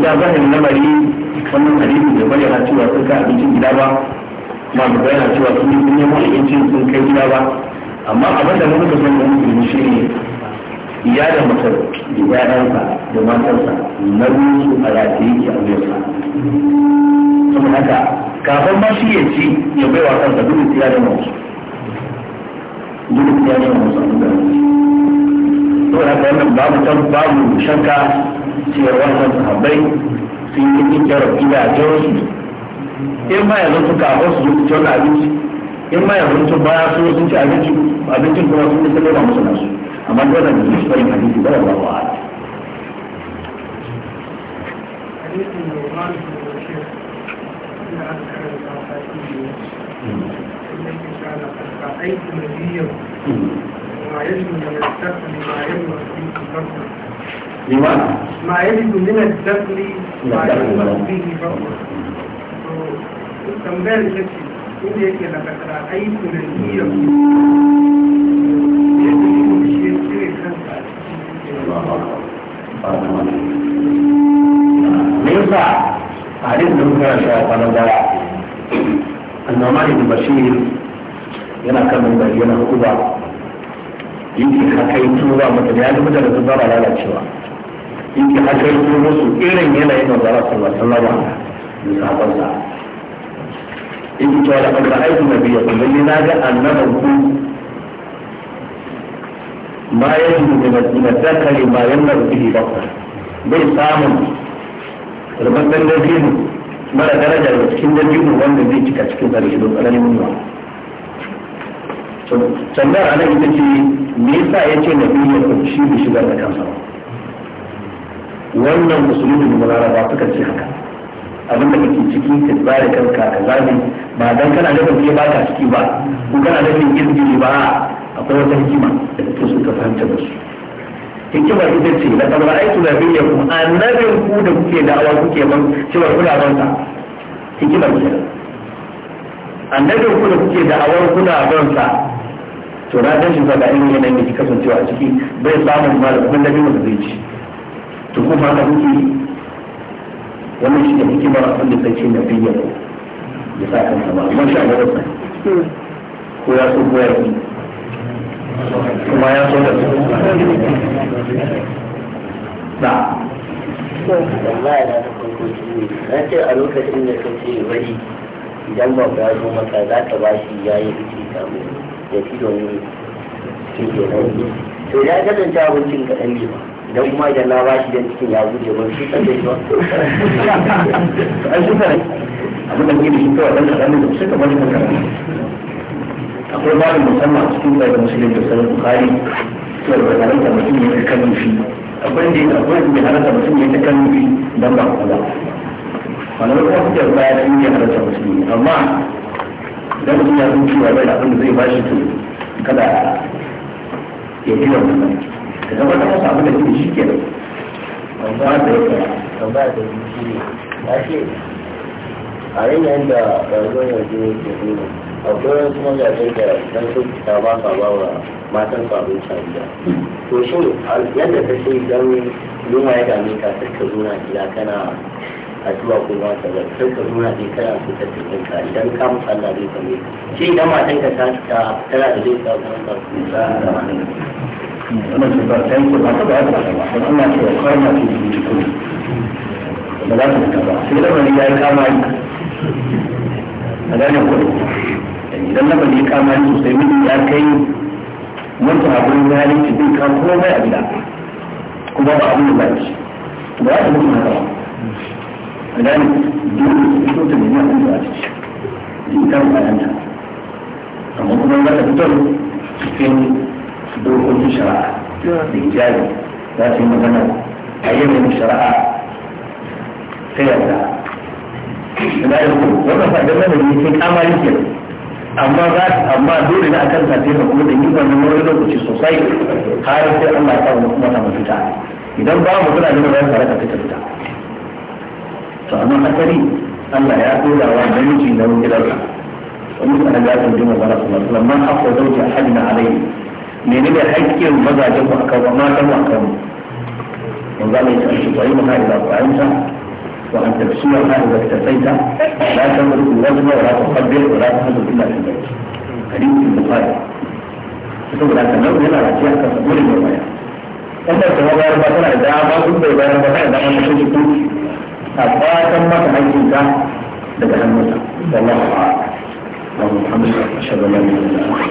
gaskiya na mari wannan hadisi da bayyana cewa sun ka abincin gida ba ma da bayyana cewa sun yi nemo abincin sun kai gida ba amma abin da muka san da muke shi ne iya da mutum da yaransa da matarsa na su a rataye ke wuyarsa saboda haka kafin ba shi ya ci ya bai wa kansa duk da da mawusu duk da da a wuyarsa. da saboda haka wannan babu babu shanka cewa wannan sahabbai sun yi kyakkyar gidajensu in ma yanzu su kafa su zuci na abinci in ma yanzu su baya su sun ci abinci abincin kuma sun yi sallama musu nasu amma dole da su bari ba da wa'ala رأيت نبيا يجب ما يجب لما ما يجد من الدخل ما يجد به yasa baya annama ibn bashir yana kan mimbar yana hukuba yake haka yi tuba mata da ya da lalacewa in ji hajjarto su irin yanayin manzara sallallahu alaihi wasallam da sahabbansa in ji cewa da kan ra'ayi nabi ya kuma ni na ga annaban ku ma ya ji da zakari ma yanna da bihi bakar bai samun rubatan dabino mara daraja da cikin dabino wanda zai cika cikin sarki don tsananin nuna sannan a nan ita ce me yasa ya ce nabi ya kuma shi bi shigar da kansa ba wannan musulmi ne ba suka ce haka abin da kake ciki ka tsari kanka ka zabe ba dan kana da kanke ba ka ciki ba ko kana da kanke ciki ba akwai wata hikima da kake so ka fahimta da su hikima ita ce la qad ra'aytu A annabin ku da kuke da'awa kuke ban cewa kuna ban sa hikima ce annabin ku da kuke da'awar kuna ban sa to na dan shi ba ga irin yanayin da kika kasancewa a ciki bai samun malamin da bai mutu zai ci to kuma haka kuke wannan shi da hikimar a da sai ce na ko ya sa kan sama amma sha ga wasa ko ya so ko ya yi kuma ya so da su na wallahi na ta farko na ce a lokacin da kace wani idan ba ya zo maka za ka ba shi ya yi rikici kamun ya fi domin shi ke nan to ya kasance abincin kaɗan ne ba da kuma idan ba shi da cikin ya guje ba shi kan da shi ba an shuka ne abin da muke da shi kawai dan kaɗan da suka bari kan kaɗan akwai malin musamman cikin bai da musulun da sanar bukari to da karanta mutum ya ta kan nufi abin da ya akwai da karanta mutum ya ta kan nufi dan ba kuma wani kuma fitar baya da ya karanta musulmi amma idan mutum ya zuciya bai da abin da zai ba shi to kada ya ji wannan da zama da abin da shi ke ba da ya ce a yanayin da rayuwar yanzu ke nuna akwai wasu mazaje da dan su ta ba sa ba wa matan su abin sha gida to shi yadda ta ce idan yunwa ya dame ka sai ka zuna gida kana addu'a ko ba ta ba sai ka zuna ne kana so ta ce ka idan ka musu Allah zai shi idan matan ka ta tana da zai sa ka ta wannan su ba ta yanke ba ta ba ta ba don ba cewa kwarna su yi cikin ba za su fita ba sai lamarin ya yi kama yi a ganin kudu idan lamarin ya kama yi sosai mutum ya kai mutu abin zalunci zai kan komai a gida kuma ba abin da zalunci ba za mutu na ba a gane dole su fito ta nemi abin da za su ci in kan bayanta amma kuma za ta fito cikin dokokin shari'a da jari za su yi magana a yanayin shari'a ta yarda da ya ku wannan fadar nan ne sai kama yake amma za amma dole ne akan ta sai kuma da yin wannan wani lokaci sosai har sai Allah ya kawo kuma ta mafita idan ba mu kula da wannan tare da fita fita to amma asali Allah ya dora wa namiji na wani gidansa ومسألة لا تنجم الله صلى الله عليه وسلم من حق زوج أحدنا عليه menene haƙƙin mazajen mu akan wa matan mu akan mu manzo Allah ya ce sai mu haɗa ku ayyuka wa an tafsira ma da tafaita la tamru wajha wa la tuqaddir wa la tahdu illa bi bayt hadisi bukhari saboda haka nan yana da ciyar kasa dole ne baya wannan ta bayar ba tana da dama sun bai bayar ba tana da dama sun ku a fatan mata haƙƙin ka daga hannunsa wallahu a'lam اللهم الحمد لله اشهد ان لا اله الا انت